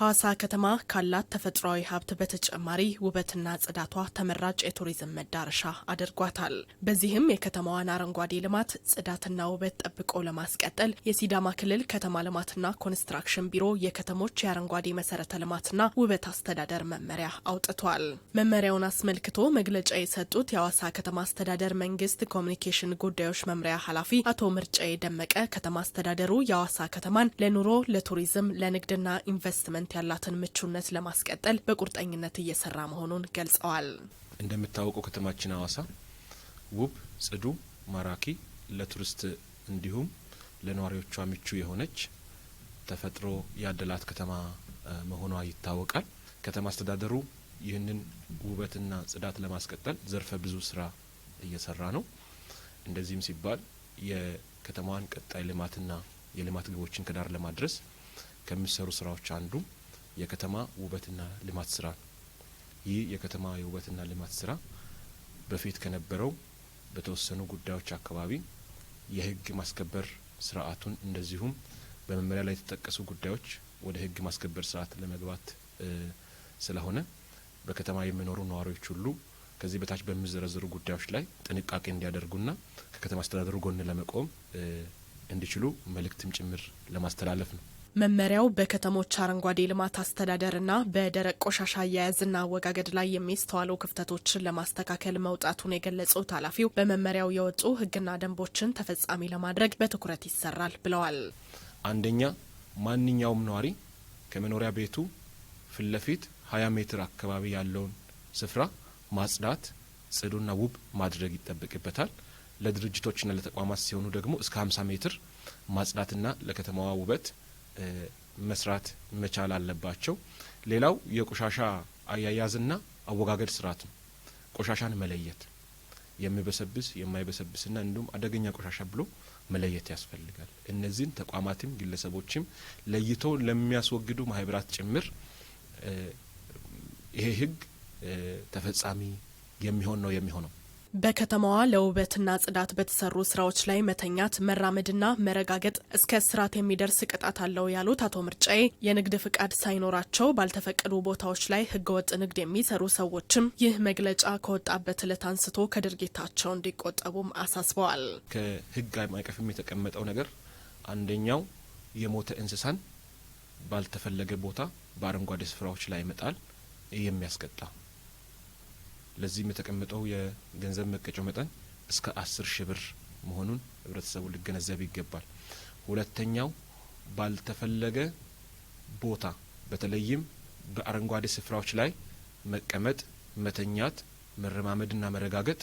ሐዋሳ ከተማ ካላት ተፈጥሯዊ ሀብት በተጨማሪ ውበትና ጽዳቷ ተመራጭ የቱሪዝም መዳረሻ አድርጓታል። በዚህም የከተማዋን አረንጓዴ ልማት ጽዳትና ውበት ጠብቆ ለማስቀጠል የሲዳማ ክልል ከተማ ልማትና ኮንስትራክሽን ቢሮ የከተሞች የአረንጓዴ መሰረተ ልማትና ውበት አስተዳደር መመሪያ አውጥቷል። መመሪያውን አስመልክቶ መግለጫ የሰጡት የሐዋሳ ከተማ አስተዳደር መንግስት ኮሚኒኬሽን ጉዳዮች መምሪያ ኃላፊ አቶ ምርጫዬ የደመቀ ከተማ አስተዳደሩ የሐዋሳ ከተማን ለኑሮ፣ ለቱሪዝም፣ ለንግድና ኢንቨስትመንት ፐርሰንት ያላትን ምቹነት ለማስቀጠል በቁርጠኝነት እየሰራ መሆኑን ገልጸዋል። እንደሚታወቀው ከተማችን ሀዋሳ ውብ፣ ጽዱ፣ ማራኪ ለቱሪስት እንዲሁም ለነዋሪዎቿ ምቹ የሆነች ተፈጥሮ ያደላት ከተማ መሆኗ ይታወቃል። ከተማ አስተዳደሩ ይህንን ውበትና ጽዳት ለማስቀጠል ዘርፈ ብዙ ስራ እየሰራ ነው። እንደዚህም ሲባል የከተማዋን ቀጣይ ልማትና የልማት ግቦችን ከዳር ለማድረስ ከሚሰሩ ስራዎች አንዱ የከተማ ውበትና ልማት ስራ ነው። ይህ የከተማ የውበትና ልማት ስራ በፊት ከነበረው በተወሰኑ ጉዳዮች አካባቢ የህግ ማስከበር ስርዓቱን እንደዚሁም በመመሪያ ላይ የተጠቀሱ ጉዳዮች ወደ ህግ ማስከበር ስርዓት ለመግባት ስለሆነ በከተማ የሚኖሩ ነዋሪዎች ሁሉ ከዚህ በታች በሚዘረዘሩ ጉዳዮች ላይ ጥንቃቄ እንዲያደርጉና ከከተማ አስተዳደሩ ጎን ለመቆም እንዲችሉ መልእክትም ጭምር ለማስተላለፍ ነው። መመሪያው በከተሞች አረንጓዴ ልማት አስተዳደርና በደረቅ ቆሻሻ አያያዝና አወጋገድ ላይ የሚስተዋሉ ክፍተቶችን ለማስተካከል መውጣቱን የገለጹት ኃላፊው በመመሪያው የወጡ ሕግና ደንቦችን ተፈጻሚ ለማድረግ በትኩረት ይሰራል ብለዋል። አንደኛ ማንኛውም ነዋሪ ከመኖሪያ ቤቱ ፊት ለፊት 20 ሜትር አካባቢ ያለውን ስፍራ ማጽዳት፣ ጽዱና ውብ ማድረግ ይጠበቅበታል። ለድርጅቶችና ለተቋማት ሲሆኑ ደግሞ እስከ 50 ሜትር ማጽዳትና ለከተማዋ ውበት መስራት መቻል አለባቸው። ሌላው የቆሻሻ አያያዝና አወጋገድ ስርዓት ነው። ቆሻሻን መለየት የሚበሰብስ የማይበሰብስና እንዲሁም አደገኛ ቆሻሻ ብሎ መለየት ያስፈልጋል። እነዚህን ተቋማትም ግለሰቦችም ለይተው ለሚያስወግዱ ማህበራት ጭምር ይሄ ህግ ተፈጻሚ የሚሆን ነው የሚሆነው በከተማዋ ለውበትና ጽዳት በተሰሩ ስራዎች ላይ መተኛት፣ መራመድና መረጋገጥ እስከ እስራት የሚደርስ ቅጣት አለው ያሉት አቶ ምርጫዬ የንግድ ፍቃድ ሳይኖራቸው ባልተፈቀዱ ቦታዎች ላይ ህገወጥ ንግድ የሚሰሩ ሰዎችም ይህ መግለጫ ከወጣበት ዕለት አንስቶ ከድርጊታቸው እንዲቆጠቡም አሳስበዋል። ከህግ ማዕቀፍም የተቀመጠው ነገር አንደኛው የሞተ እንስሳን ባልተፈለገ ቦታ በአረንጓዴ ስፍራዎች ላይ መጣል የሚያስቀጣ ለዚህም የተቀመጠው የገንዘብ መቀጫው መጠን እስከ አስር ሺ ብር መሆኑን ህብረተሰቡ ሊገነዘብ ይገባል። ሁለተኛው ባልተፈለገ ቦታ በተለይም በአረንጓዴ ስፍራዎች ላይ መቀመጥ፣ መተኛት፣ መረማመድና መረጋገጥ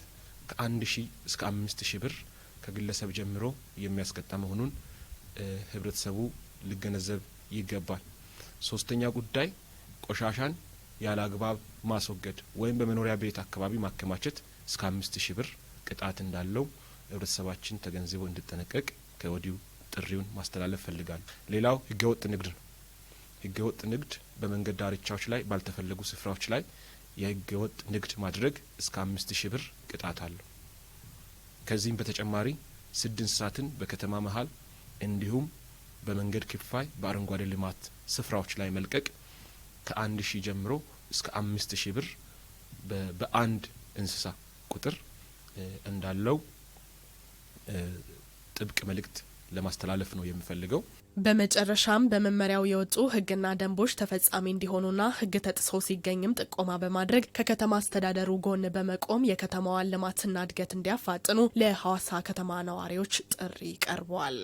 ከአንድ ሺ እስከ አምስት ሺ ብር ከግለሰብ ጀምሮ የሚያስቀጣ መሆኑን ህብረተሰቡ ሊገነዘብ ይገባል። ሶስተኛ ጉዳይ ቆሻሻን ያለ አግባብ ማስወገድ ወይም በመኖሪያ ቤት አካባቢ ማከማቸት እስከ አምስት ሺህ ብር ቅጣት እንዳለው ህብረተሰባችን ተገንዝቦ እንዲጠነቀቅ ከወዲሁ ጥሪውን ማስተላለፍ ፈልጋል። ሌላው ህገወጥ ንግድ ነው። ህገወጥ ንግድ በመንገድ ዳርቻዎች ላይ ባልተፈለጉ ስፍራዎች ላይ የህገወጥ ንግድ ማድረግ እስከ አምስት ሺህ ብር ቅጣት አለው። ከዚህም በተጨማሪ ስድ እንስሳትን በከተማ መሀል እንዲሁም በመንገድ ክፋይ በአረንጓዴ ልማት ስፍራዎች ላይ መልቀቅ ከአንድ ሺህ ጀምሮ እስከ አምስት ሺህ ብር በአንድ እንስሳ ቁጥር እንዳለው ጥብቅ መልእክት ለማስተላለፍ ነው የምፈልገው። በመጨረሻም በመመሪያው የወጡ ህግና ደንቦች ተፈጻሚ እንዲሆኑና ህግ ተጥሶ ሲገኝም ጥቆማ በማድረግ ከከተማ አስተዳደሩ ጎን በመቆም የከተማዋን ልማትና እድገት እንዲያፋጥኑ ለሐዋሳ ከተማ ነዋሪዎች ጥሪ ቀርቧል።